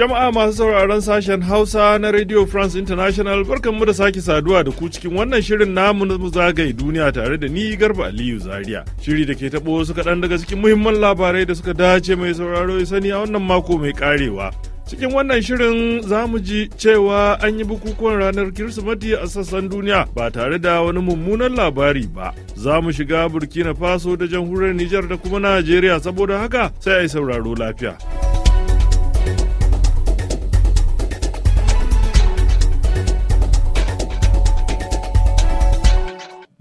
Jama'a masu sauraron sashen Hausa na Radio France International barkanmu da sake saduwa da ku cikin wannan shirin namu na zagaye duniya tare da ni Garba Aliyu Zaria. Shiri da ke taɓo wasu kaɗan daga cikin muhimman labarai da suka dace mai sauraro ya sani a wannan mako mai karewa. Cikin wannan shirin za mu ji cewa an yi bukukuwan ranar Kirsimeti a sassan duniya ba tare da wani mummunan labari ba. Za mu shiga Burkina Faso da jamhuriyar Nijar da kuma Najeriya saboda haka sai a yi sauraro lafiya.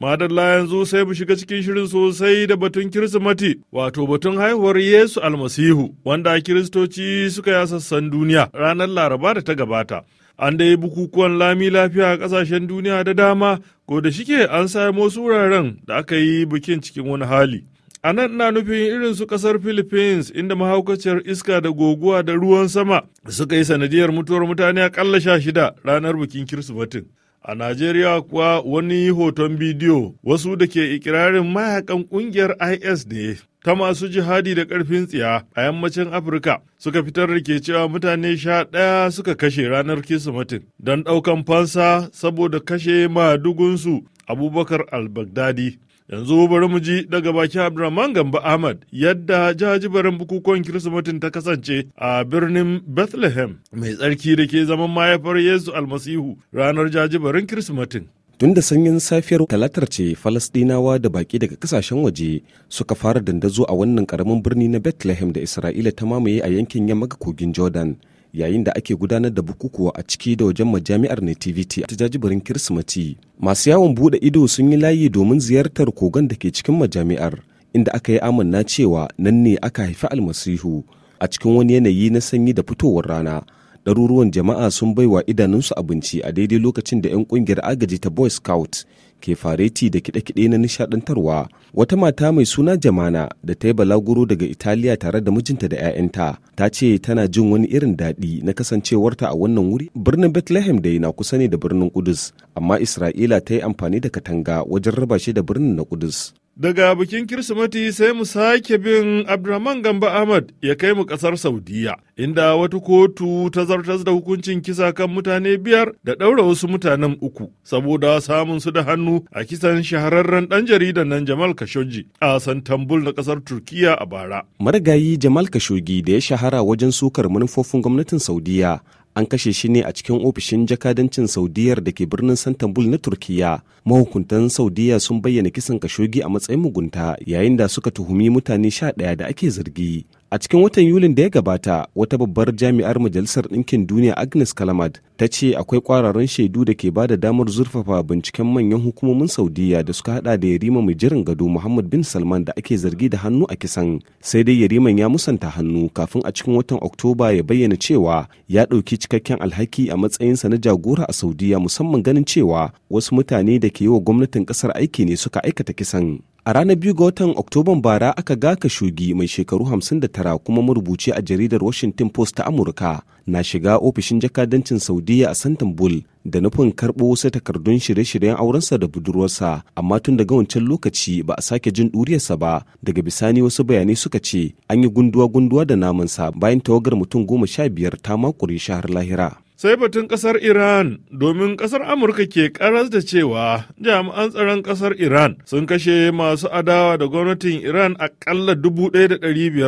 Madalla yanzu sai mu shiga cikin shirin sosai da batun Kirsimati, wato batun haihuwar Yesu almasihu, wanda Kiristoci suka ya sassan duniya ranar Laraba da ta gabata. An dai bukukuwan lami lafiya a kasashen duniya da dama, ko da shike an samo wasu wuraren da aka yi bikin cikin wani hali. A nan na nufin irin su kasar Philippines inda mahaukaciyar iska da goguwa da ruwan sama suka yi sanadiyar mutuwar mutane akalla sha shida ranar bikin Kirsimatin. A Najeriya kuwa wani hoton bidiyo wasu da ke ikirarin mayakan kungiyar IS ne ta masu jihadi da ƙarfin tsiya a yammacin Afirka suka fitar da ke cewa mutane sha ɗaya suka kashe ranar Kirsimetin don ɗaukan fansa saboda kashe madugunsu Abubakar al-Baghdadi Yanzu bari mu ji daga bakin Abdulrahman Gamba Ahmad yadda jajibarin bukukuwan Kirsimetin ta kasance a birnin Bethlehem mai tsarki da ke zaman mahaifar Yesu Almasihu ranar jajibarin Kirsimetin. Tun da sanyin safiyar talatar ce Falasɗinawa da baƙi daga kasashen waje suka fara dandazo a wannan karamin birni na Bethlehem da Isra'ila ta mamaye a yankin yamma kogin Jordan yayin da ake gudanar da bukukuwa a ciki da wajen majami'ar nativity ta jajibirin kirsimati masu yawon bude ido sun yi layi domin ziyartar kogon da ke cikin majami'ar inda aka yi amanna cewa nan ne aka haifi almasihu a cikin wani yanayi na sanyi da fitowar rana ɗaruruwan jama'a sun baiwa idanunsu abinci a daidai lokacin da 'yan ƙungiyar agaji ta boy scout ke fareti da kiɗe-kiɗe na nishadantarwa wata mata mai suna jamana da ta yi balaguro daga italiya tare da mijinta da 'ya'yanta ta ce tana jin wani irin daɗi na kasancewarta a wannan wuri birnin bethlehem da na kusa ne da birnin kudus amma isra'ila ta yi amfani da katanga wajen raba shi da birnin na kudus Daga bikin Kirsimeti sai mu sake bin Abdurrahman Gamba Ahmad ya kai mu ƙasar Saudiya, inda wata kotu ta zartas da hukuncin kisa kan mutane biyar da ɗaura wasu mutanen uku, saboda samun su da hannu a kisan shahararren ɗan jaridan nan Jamal Khashoggi a Santambul na ƙasar Turkiyya a bara. Marigayi Jamal Khashoggi da ya shahara wajen sukar manufofin gwamnatin Saudiya an kashe shi ne a cikin ofishin jakadancin saudiyar da ke birnin santambul na turkiya mahukuntan saudiya sun bayyana kisan kashogi a matsayin mugunta yayin da suka tuhumi mutane sha ɗaya da ake zargi a cikin watan yulin da ya gabata wata babbar jami'ar majalisar ɗinkin duniya agnes kalamad ta ce akwai kwararrun shaidu da ke ba da damar zurfafa binciken manyan hukumomin saudiyya da suka hada da yarima mai jiran gado muhammad bin salman da ake zargi da hannu a kisan sai dai yariman ya musanta hannu kafin a cikin watan oktoba ya bayyana cewa ya ɗauki cikakken alhaki a matsayinsa na jagora a saudiyya musamman ganin cewa wasu mutane da ke yi wa gwamnatin ƙasar aiki ne suka aikata kisan A ranar biyu ga watan Oktoban bara aka gaka shugi mai shekaru 59 kuma marubuci a jaridar Washington Post ta Amurka na shiga ofishin jakadancin Saudiya a Santambul da nufin karɓo wasu takardun shirye-shiryen aurensa da budurwarsa amma tun daga wancan lokaci ba a sake jin ɗuriyarsa ba daga bisani wasu bayanai suka ce an yi gunduwa-gunduwa da namansa bayan tawagar mutum goma sha biyar ta makure shahar lahira. sai batun kasar Iran domin kasar Amurka ke karas da cewa jami'an tsaron kasar Iran sun kashe masu adawa da gwamnatin Iran akalla 1,500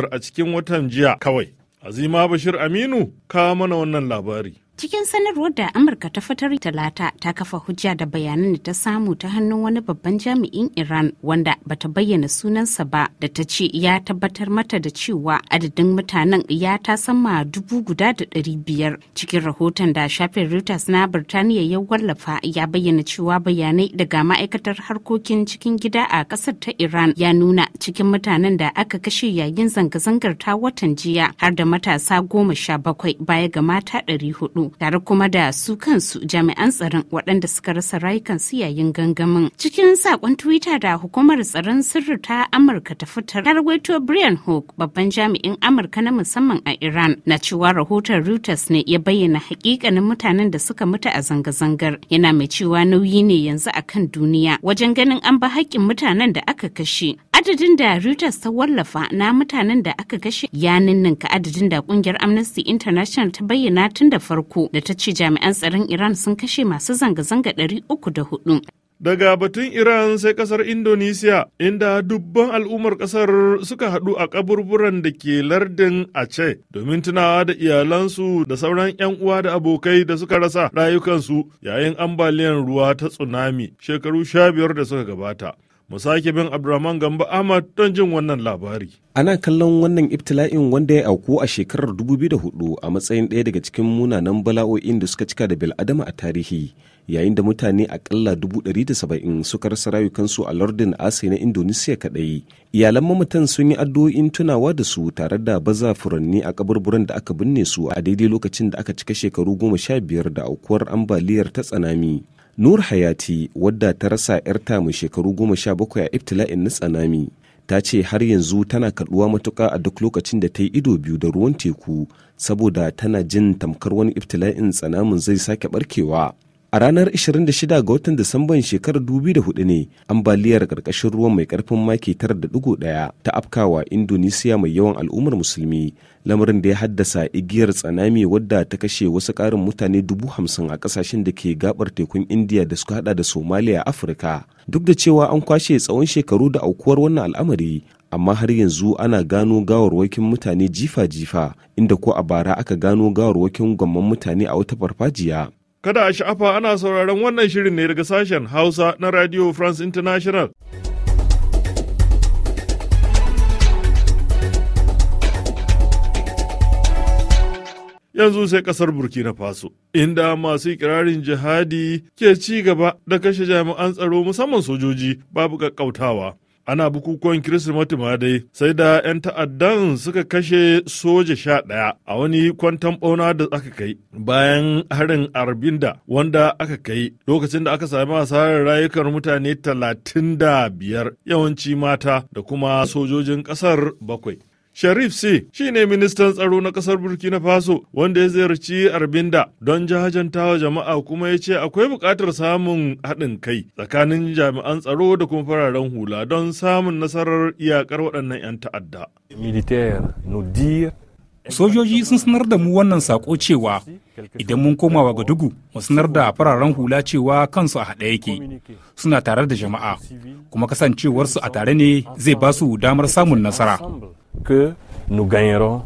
a cikin watan jiya kawai. Azima Bashir Aminu kawo mana wannan labari. cikin sanarwar da amurka ta fitar talata ta kafa hujja da bayanan da ta samu ta hannun wani babban jami'in iran wanda bata bayyana sunansa ba da ta ce ya tabbatar mata da cewa adadin mutanen ya ta sama dubu guda da ɗari biyar cikin rahoton da shafin reuters na birtaniya ya wallafa ya bayyana cewa bayanai daga ma'aikatar harkokin cikin gida a ƙasar ta iran ya nuna cikin mutanen da aka kashe yayin zanga-zangar ta watan jiya har da matasa goma sha bakwai baya ga mata ɗari hudu tare kuma da su kansu jami'an tsaron waɗanda suka rasa rayukansu yayin gangamin. Cikin saƙon Twitter da hukumar tsaron sirri ta Amurka ta fitar rawaito Brian Hook babban jami'in Amurka na musamman a Iran na cewa rahoton Reuters ne ya bayyana hakikanin mutanen da suka mutu a zanga-zangar yana mai cewa nauyi ne yanzu akan duniya wajen ganin an ba haƙƙin mutanen da aka kashe adadin da reuters ta wallafa na mutanen da aka kashe ya ninninka adadin da kungiyar amnesty international ta bayyana tun da farko da ta ce jami'an tsaron iran sun kashe masu zanga-zanga 304 daga batun Iran sai kasar Indonesia, inda dubban al'ummar kasar suka haɗu a kaburburan da ke lardin Aceh domin tunawa da iyalansu da sauran 'yan uwa da abokai da suka rasa rayukansu yayin ambaliyar ruwa ta tsunami shekaru sha biyar da suka gabata. mu sake bin abdulrahman gamba ahmad don jin wannan labari ana kallon wannan ibtila'in wanda ya auku a shekarar dubu biyu da 2004 a matsayin ɗaya daga cikin munanan bala'o'in da suka cika da bil'adama a tarihi yayin da mutane akalla 170 suka rasa rayukansu a lardin asai na indonesiya kaɗai iyalan mamatan sun yi addu'o'in tunawa da su tare da baza furanni a kaburburan da aka binne su a daidai lokacin da aka cika shekaru goma sha biyar da aukuwar ambaliyar ta tsanami Nur Hayati wadda ta rasa 'yarta mai shekaru goma sha bakwai a ibtila'in na tsanami ta ce har yanzu tana kaduwa matuka a duk lokacin da ta yi ido biyu da ruwan teku saboda tana jin tamkar wani ibtila'in tsanamin zai sake barkewa. A ranar 26 ga watan Disamban shekarar 2004 ne ambaliyar karkashin ruwan mai karfin maki 9.1 ta afkawa Indonesia mai yawan al'ummar musulmi lamarin da ya haddasa igiyar tsanami wadda ta kashe wasu karin mutane dubu hamsin a kasashen da ke gabar tekun Indiya da suka hada da Somalia Afirka. Duk da cewa an kwashe tsawon shekaru da aukuwar wannan al'amari, amma har yanzu ana gano gawarwakin mutane jifa-jifa inda ko a bara aka gano gawarwakin gwamman mutane a wata farfajiya Kada a sha'afa ana sauraron wannan shirin ne daga sashen Hausa na Radio France International. Yanzu sai kasar Burkina Faso, inda masu ikirarin jihadi ke ci gaba da kashe jami'an tsaro musamman sojoji babu kakkautawa. ana bukukuwan Kirsimeti ma dai sai da 'yan ta'addan suka kashe soja sha ɗaya a wani kwantan ɓauna da aka kai bayan harin arbinda wanda aka kai lokacin da aka sami asarar rayukan mutane talatin da biyar yawanci mata da kuma sojojin ƙasar bakwai. Sharif C shine ministan tsaro na kasar Burkina Faso wanda ya ziyarci Arbinda don jahajantawa jama'a kuma ya ce akwai buƙatar samun haɗin kai tsakanin jami'an tsaro da kuma fararen hula don samun nasarar iyakar waɗannan 'yan ta'adda. Sojoji sun sanar da mu wannan sako cewa idan mun koma wa Gadugu mu sanar da fararen hula cewa kansu a haɗe yake suna tare da jama'a kuma kasancewarsu a tare ne zai ba su damar samun nasara. que nous gagnerons.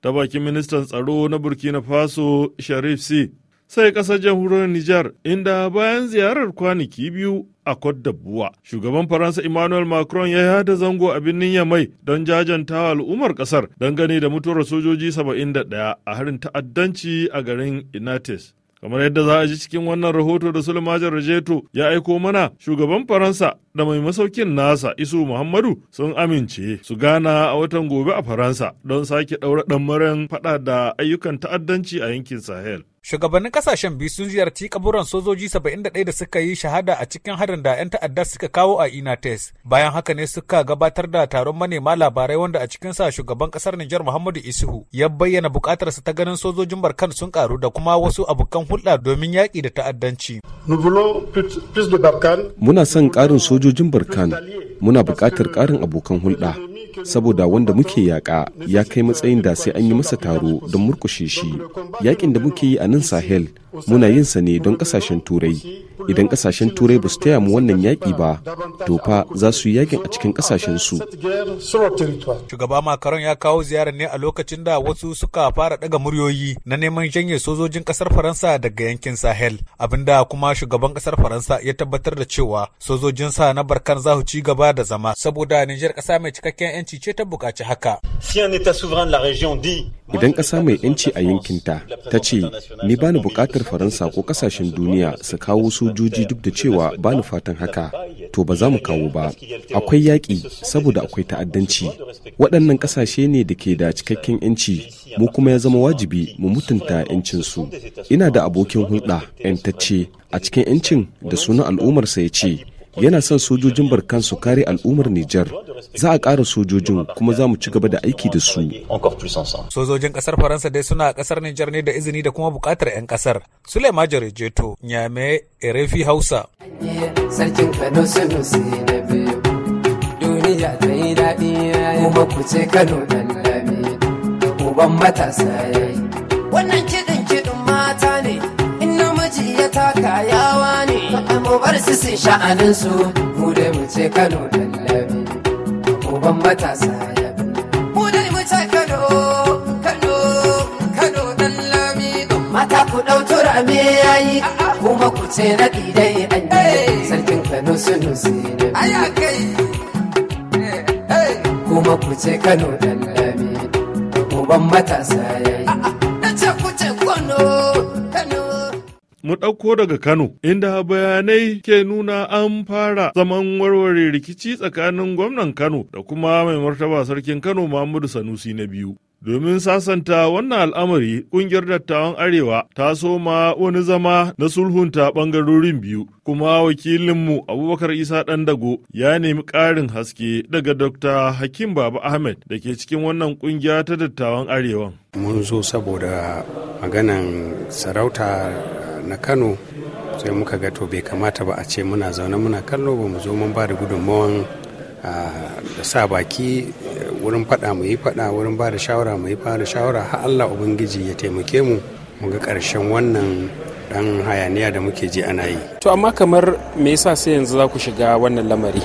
Ta bakin ministan tsaro na Burkina Faso Sharif C. Sai ƙasar jamhuriyar Nijar inda bayan ziyarar kwanaki biyu a Côte d'Ivoire, shugaban Faransa Emmanuel Macron ya yi yada zango a birnin Yamai don jajantawa al'ummar ƙasar dangane da mutuwar sojoji saba'in da 71 a harin ta'addanci a garin Inates. kamar yadda za a ji cikin wannan rahoto da Sulmajar Rajeto ya aiko mana shugaban Faransa da mai masaukin nasa isu muhammadu sun amince su gana a watan gobe a faransa don sake ɗaura ɗanmaren fada da ayyukan ta'addanci a yankin sahel Shugabannin kasashen biyu sun ziyarci kaburan sojoji 71 da suka yi shahada a cikin harin da 'yan ta'adda suka kawo a Inates. Bayan haka ne suka gabatar da taron manema labarai wanda a cikin sa shugaban kasar Nijar Muhammadu Isuhu ya bayyana bukatarsa ta ganin sojojin Barkan sun karu da kuma wasu abokan hulɗa domin yaƙi da ta'addanci. Muna son sojojin barkan muna buƙatar ƙarin abokan hulɗa saboda wanda muke yaƙa ya kai matsayin da sai an yi masa taro don murkushe shi yaƙin da muke yi a nan sahel muna yin sa ne don ƙasashen turai idan kasashen turai ba su taya mu wannan yaƙi ba to fa za su yi yakin a cikin kasashen su shugaba makaron ya kawo ziyarar ne a lokacin da wasu suka fara daga muryoyi na neman janye sojojin kasar faransa daga yankin sahel abinda kuma shugaban kasar faransa ya tabbatar da cewa sojojin sa na barkan za su ci gaba da zama saboda nijar kasa mai cikakken yanci ce ta bukaci haka siyan la idan ƙasa mai yanci a yankinta ta ce ni bani bukatar faransa ko ƙasashen duniya su kawo sojoji duk da cewa bani fatan haka to ba za mu kawo ba akwai yaƙi saboda akwai ta'addanci waɗannan ƙasashe ne da ke da cikakken yanci mu kuma ya zama wajibi mu mutunta yancinsu ina da abokin hulɗa yantacce a cikin yancin da sunan al'ummarsa ya ce yana son sojojin barkan su kare al'ummar Nijar. Za a ƙara sojojin kuma za mu ci gaba da aiki da su. Sojojin ƙasar Faransa dai suna a ƙasar Nijar ne da izini da kuma buƙatar 'yan ƙasar. Sulema Jarejeto, Nyame, Erefi Hausa. Wannan kiɗin kiɗin mata ne, in namiji ya taka yawa ne. mu bar su sun sha'anin su mu dai mu ce Kano lallabi uban matasa ya mu dai mu ce Kano Kano Kano lallabi mata ku dau turame yayi kuma ku ce na dai an yi eh. sarkin Kano sunu sinu aya kai eh, eh. kuma ku ce Kano lallabi uban matasa ya mu ɗauko daga Kano, inda bayanai ke nuna an fara zaman warware rikici tsakanin gwamnan Kano da kuma mai martaba sarkin Kano Muhammadu Sanusi na biyu. Domin sasanta wannan al'amari, ƙungiyar dattawan Arewa ta soma wani zama na sulhunta ɓangarorin biyu, kuma wakilinmu Abubakar Isa Ɗandago ya nemi ƙarin haske daga Dr. Hakim Baba Ahmed da ke cikin wannan ƙungiya ta dattawan Arewa. Mun zo saboda maganan sarauta na kano sai muka ga to bai kamata ba a ce muna zaune muna kallo ba mu zo mun ba da gudunmawan da sa baki eh, wurin fada mu yi faɗa wurin ba da shawara mu yi ba da shawara har allah ubangiji ya taimake mu mu ga karshen wannan dan hayaniya da muke ji ana yi. To amma kamar me yasa sai yanzu za ku shiga wannan lamari?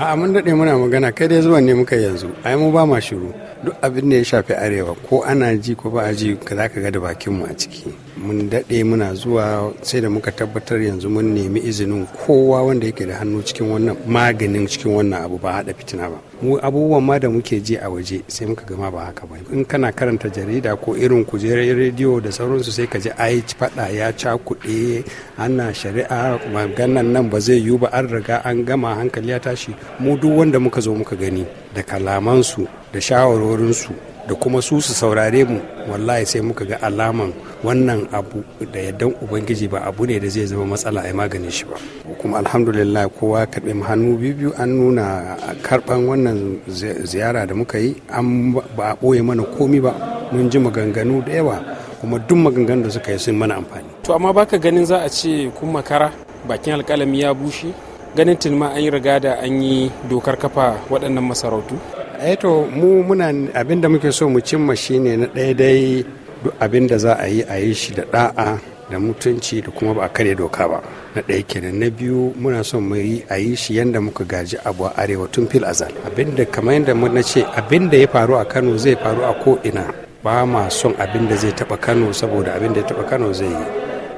A'a mun daɗe muna magana kai dai zuwan ne muka yanzu ai mu ba ma shiru duk abin da ya shafi arewa ko ana ji ko ba a ji za ka ga da bakin mu a ciki. mun daɗe muna zuwa sai da muka tabbatar yanzu mun nemi izinin kowa wanda yake da hannu cikin wannan maganin cikin wannan abu ba haɗa fitina ba mu abubuwan ma da muke ji a waje sai muka gama ba haka ba in kana karanta jarida ko irin kujerar rediyo da sauransu sai ka ji ai faɗa ya ca kuɗi ana shari'a maganan nan ba zai yiwu ba an riga an gama hankali ya tashi mu duk wanda muka zo muka gani da kalamansu da shawarwarinsu da kuma su su saurare mu wallahi sai muka ga alaman wannan abu da yaddan ubangiji ba abu ne da zai zama matsala a maganin shi ba kuma alhamdulillah kowa karbe mu hannu biyu an nuna karban wannan ziyara da muka yi an ba a boye mana komi ba mun ji maganganu da yawa kuma duk maganganun da suka yi sun mana amfani to amma baka ganin za a ce kun makara bakin alkalami ya bushe ganin tilma an yi riga da an yi dokar kafa waɗannan masarautu a eh to mu muna abin da muke so mu cimma shine na ɗaya dai duk abin da za a yi a yi shi da ɗa'a da mutunci da kuma ba a karya doka ba na ɗaya kenan na biyu muna son mu yi a yi shi yadda muka gaji abu a arewa tun fil azal abinda kamar yadda mu na ce abin da ya faru a kano zai faru a ko ina ba ma son abin da zai taba kano saboda abin da ya taba kano zai yi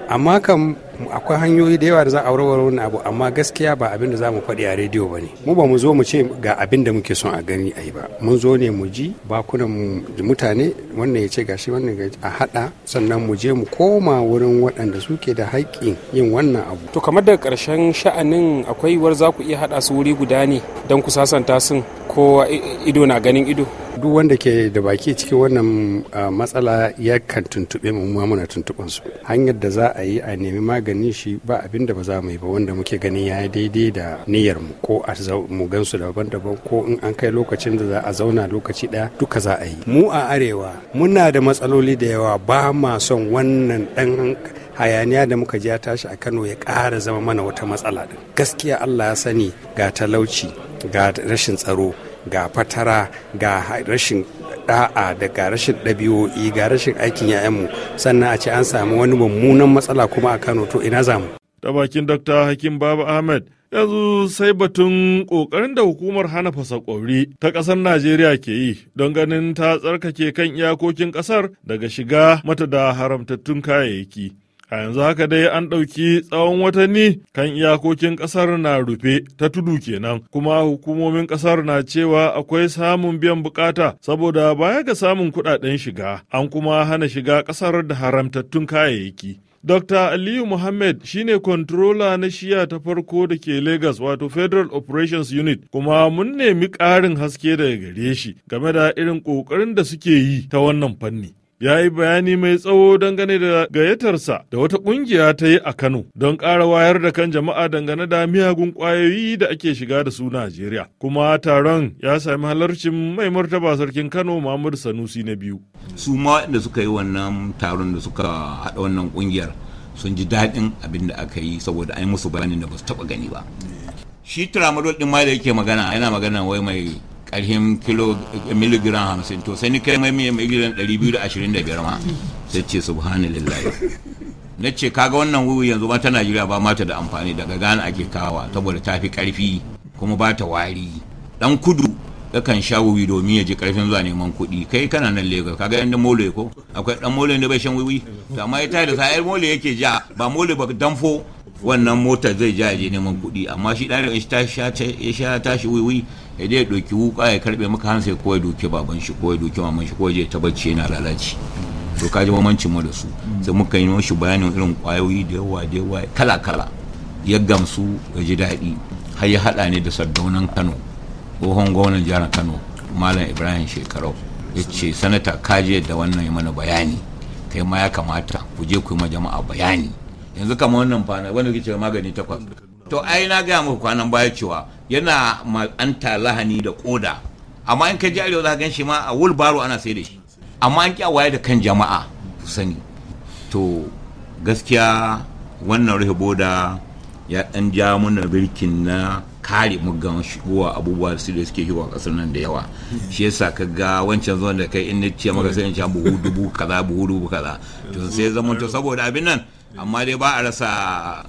amma kam akwai hanyoyi da yawa da za a warware wannan abu amma gaskiya ba abin da za mu faɗi a rediyo ba ne mu ba mu zo mu ce ga abin da muke son a gani a yi ba mun zo ne mu ji bakunan mutane wannan ya ce gashi wannan a haɗa sannan mu je mu koma wurin waɗanda suke da haƙƙin yin wannan abu to kamar da karshen sha'anin akwai yiwuwar za ku iya haɗa su wuri guda ne don ku sasanta sun ko ido na ganin ido duk wanda ke da baki cikin wannan ah, matsala yakan tuntuɓe mu muna tuntuɓansu hanyar da za a yi a nemi magani ganin shi ba abin da ba za mu yi ba wanda muke gani ya daidai da niyyar mu ko a mu gansu daban-daban ko in an kai lokacin da za a zauna lokaci ɗaya duka za a yi mu a arewa muna da matsaloli da yawa ba ma son wannan ɗan hayaniya da muka ji ya tashi a kano ya ƙara zama mana wata matsala gaskiya allah ya sani ga talauci ga rashin tsaro ga fatara ga rashin da'a da rashin ɗabi'o'i ga rashin aikin 'ya'yanmu sannan a ce an samu wani mummunan matsala kuma a kano to ina zamu ta bakin Dr. Hakim Baba Ahmed yanzu sai batun kokarin da hukumar hana fasakori ta kasar Najeriya ke yi don ganin ta tsarkake kan iyakokin kasar daga shiga mata da haramtattun kayayyaki. A yanzu haka dai an ɗauki tsawon watanni kan iyakokin ƙasar na rufe ta tudu kenan, kuma hukumomin ƙasar na cewa akwai samun biyan bukata saboda baya ga samun kuɗaɗen shiga, an kuma hana shiga ƙasar da haramtattun kayayyaki. Dr. Aliyu Muhammad shine controller na shiya ta farko da ke Lagos wato Federal Operations Unit kuma mun nemi ƙarin haske daga gare shi game da irin ƙoƙarin da suke yi ta wannan fanni. ya yi bayani mai tsawo dangane da gayyatarsa da wata ƙungiya ta yi a Kano don ƙara wayar da kan jama'a dangane da miyagun ƙwayoyi da ake shiga da su Najeriya. Kuma taron ya sami halarcin mai martaba sarkin Kano Muhammadu Sanusi na biyu. Su ma da suka yi wannan taron da suka haɗa wannan ƙungiyar sun ji daɗin abin da aka yi saboda an yi musu bayanin da ba su taɓa gani ba. Eh. Shi tramadol ɗin ma da yake magana yana magana wai mai kilo miligiran hamsin to sai ni kai mai miligram ɗari biyu da ashirin da biyar ma sai ce subhanallah na ce kaga wannan wuyu yanzu ma ta najeriya ba mata da amfani daga gana ake kawa saboda ta fi ƙarfi kuma ba ta wari dan kudu kan sha wuyu domin ya ji karfin zuwa neman kuɗi kai kana nan lagos kaga yan da mole ko akwai dan mole da bai shan wuyu to amma ita da sayar mole yake ja ba mole ba danfo wannan motar zai ja je neman kuɗi amma shi dan shi ta sha ta tashi ya je ya ɗauki wuka ya karɓe maka hansa ko ya doke baban shi ko ya doke maman shi ko ta bacci yana lalaci to ka ji bambancin mu da su sai muka yi mashi bayanin irin kwayoyi da yawa da yawa kala kala ya gamsu ya ji daɗi har ya haɗa ne da sardaunan kano tsohon gwamnan jihar kano malam ibrahim shekarau ya ce sanata je da wannan ya mana bayani kai ma ya kamata ku je ku yi ma jama'a bayani yanzu kama wannan fana wanda ce magani takwas to ai na gaya muku kwanan baya cewa yana matsanta lahani da koda amma in ka ji arewa za ka gan shi ma a wulbaro ana sai da shi amma an kya waye da kan jama'a su sani to gaskiya wannan rufe boda ya dan ja mana birkin na kare muggan shigowa abubuwa da suke shigowa kasar nan da yawa shi yasa ka ga wancan zuwan da kai in na ce maka sai in sha buhu dubu kaza buhu dubu kaza to sai zama to saboda abin nan amma dai ba a rasa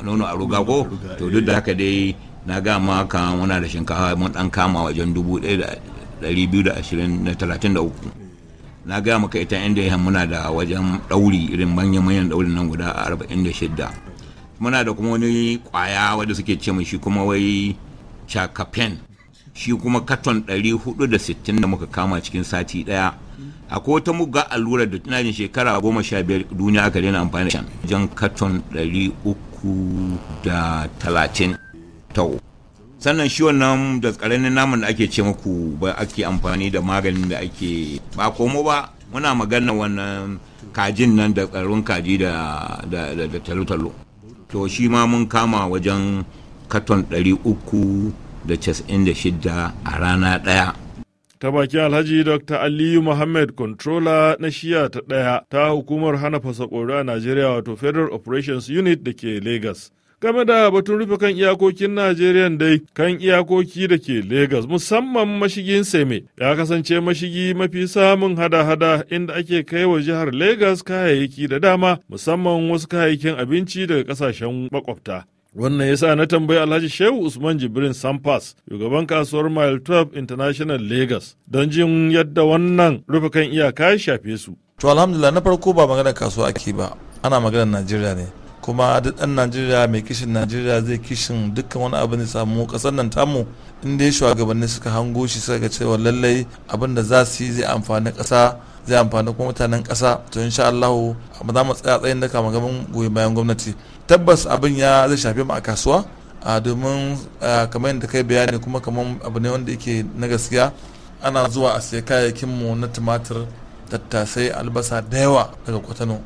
nono a ruga ko to duk da haka dai na ga ma ka muna da shinkafa mun dan kama wajen dubu ɗaya da ɗari biyu da ashirin da talatin da uku na ga maka ita inda ya muna da wajen ɗauri irin manyan manyan ɗaurin nan guda arba'in da shidda muna da kuma wani kwaya wadda suke ce mai shi kuma wai chakapen shi kuma katon 460 da muka kama cikin sati daya akwai wata muga allura da tana jin shekara goma sha biyar duniya aka daina amfani da shan. jan katon 330 tau sannan shi wannan da karamin naman da ake ce muku ba ake amfani da maganin da ake ba komo ba muna magana wannan kajin nan da tsarin kaji da talo-talo to shi ma mun kama wajen katon 396 a rana ɗaya. ta baki alhaji dr aliyu muhammad controller na shiya ta ɗaya ta hukumar hana fasakori a najeriya wato federal operations unit da ke lagos game da batun rufe kan iyakokin najeriya dai kan iyakoki da ke lagos musamman mashigin seme ya kasance mashigi mafi samun hada-hada inda ake kai wa jihar lagos kayayyaki da dama musamman wasu kayayyakin abinci daga kasashen makwabta Wannan ya sa na tambayi Alhaji Shehu Usman Jibrin Sampas, shugaban kasuwar Mile 12 International Lagos, don jin yadda wannan rufe kan iyaka ya shafe su. To alhamdulillah na farko ba maganar kasuwa ake ba, ana maganar Najeriya ne. kuma duk ɗan najeriya mai kishin najeriya zai kishin dukkan wani abin da samu kasar nan tamu inda ya shugabanni suka hango shi suka ga cewa lallai abin da za su yi zai amfani kasa. zai amfani kuma mutanen ƙasa to insha Allah ba za mu tsaya tsayin daka magaban goyon bayan gwamnati tabbas abin ya zai shafi mu a kasuwa a domin kamar yadda kai bayani kuma kamar abu ne wanda yake na gaskiya ana zuwa a siya kayayyakin mu na tumatir tattasai albasa da yawa daga kwatano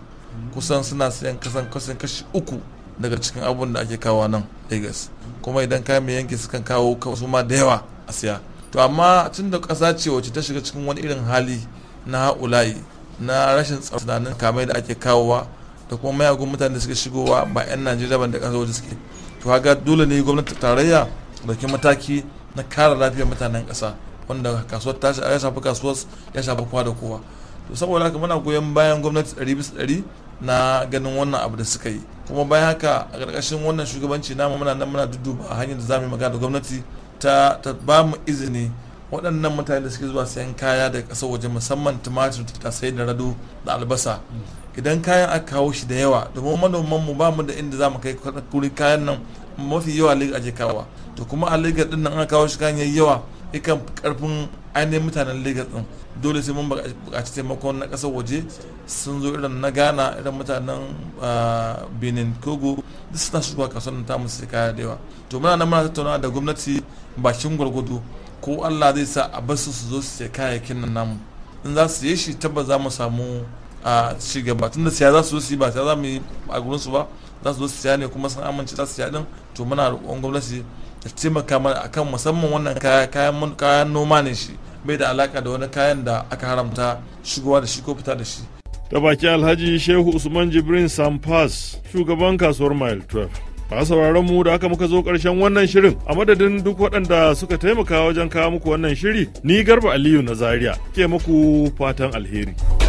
kusan suna siyan kasan kasan kashi uku daga cikin abun da ake kawo nan lagos kuma idan kayan mai yanki sukan kawo kasu ma da yawa a siya to amma tun da ƙasa ce wacce ta shiga cikin wani irin hali na ulayi na rashin tsananin kamai da ake kawowa da kuma mayagun mutane da suke shigowa ba 'yan najeriya ban da ƙasar waje suke to haka dole ne gwamnati tarayya dauki mataki na kara lafiyar mutanen kasa wanda kasuwar ta ya shafi kasuwar ya shafi kowa da kowa to saboda haka muna goyon bayan gwamnati ɗari bisa ɗari na ganin wannan abu da suka yi kuma bayan haka a ƙarƙashin wannan shugabanci namu muna nan muna a hanyar da za mu yi magana da gwamnati ta ba mu izini waɗannan mutane da suke zuwa sayan kaya da ƙasar waje musamman tumatir tattasai da rado da albasa idan kayan aka kawo shi da yawa domin manoman mu ba mu da inda za mu kai kuri kayan nan mafi yawa liga aje kawa to kuma a liga din nan an kawo shi kayan yawa ikan karfin ainihin mutanen liga din dole sai mun buƙaci taimakon na ƙasar waje sun zo irin na ghana irin mutanen ah, benin kogo duk suna shigowa kasuwar ta musu kaya da yawa to muna nan muna tattaunawa da gwamnati bakin gwargwado ko allah zai sa a basu su zo su sai kayayyakin nan namu in za su yi shi taba za mu samu a shigaba tunda siya za su zo su yi ba siya za mu yi a gurin su ba za su zo su siya ne kuma sun amince za su siya din to muna roƙon gwamnati ta taimaka mana akan musamman wannan kayan kayan noma ne shi bai da alaka da wani kayan da aka haramta shigowa da shi ko fita da shi. Da baki Alhaji Shehu Usman Jibrin Sampas, shugaban kasuwar Mile 12. a sauraron mu da haka muka zo ƙarshen wannan shirin a madadin duk waɗanda suka taimaka wajen kawo muku wannan shiri ni Garba Aliyu na Zaria ke muku fatan alheri.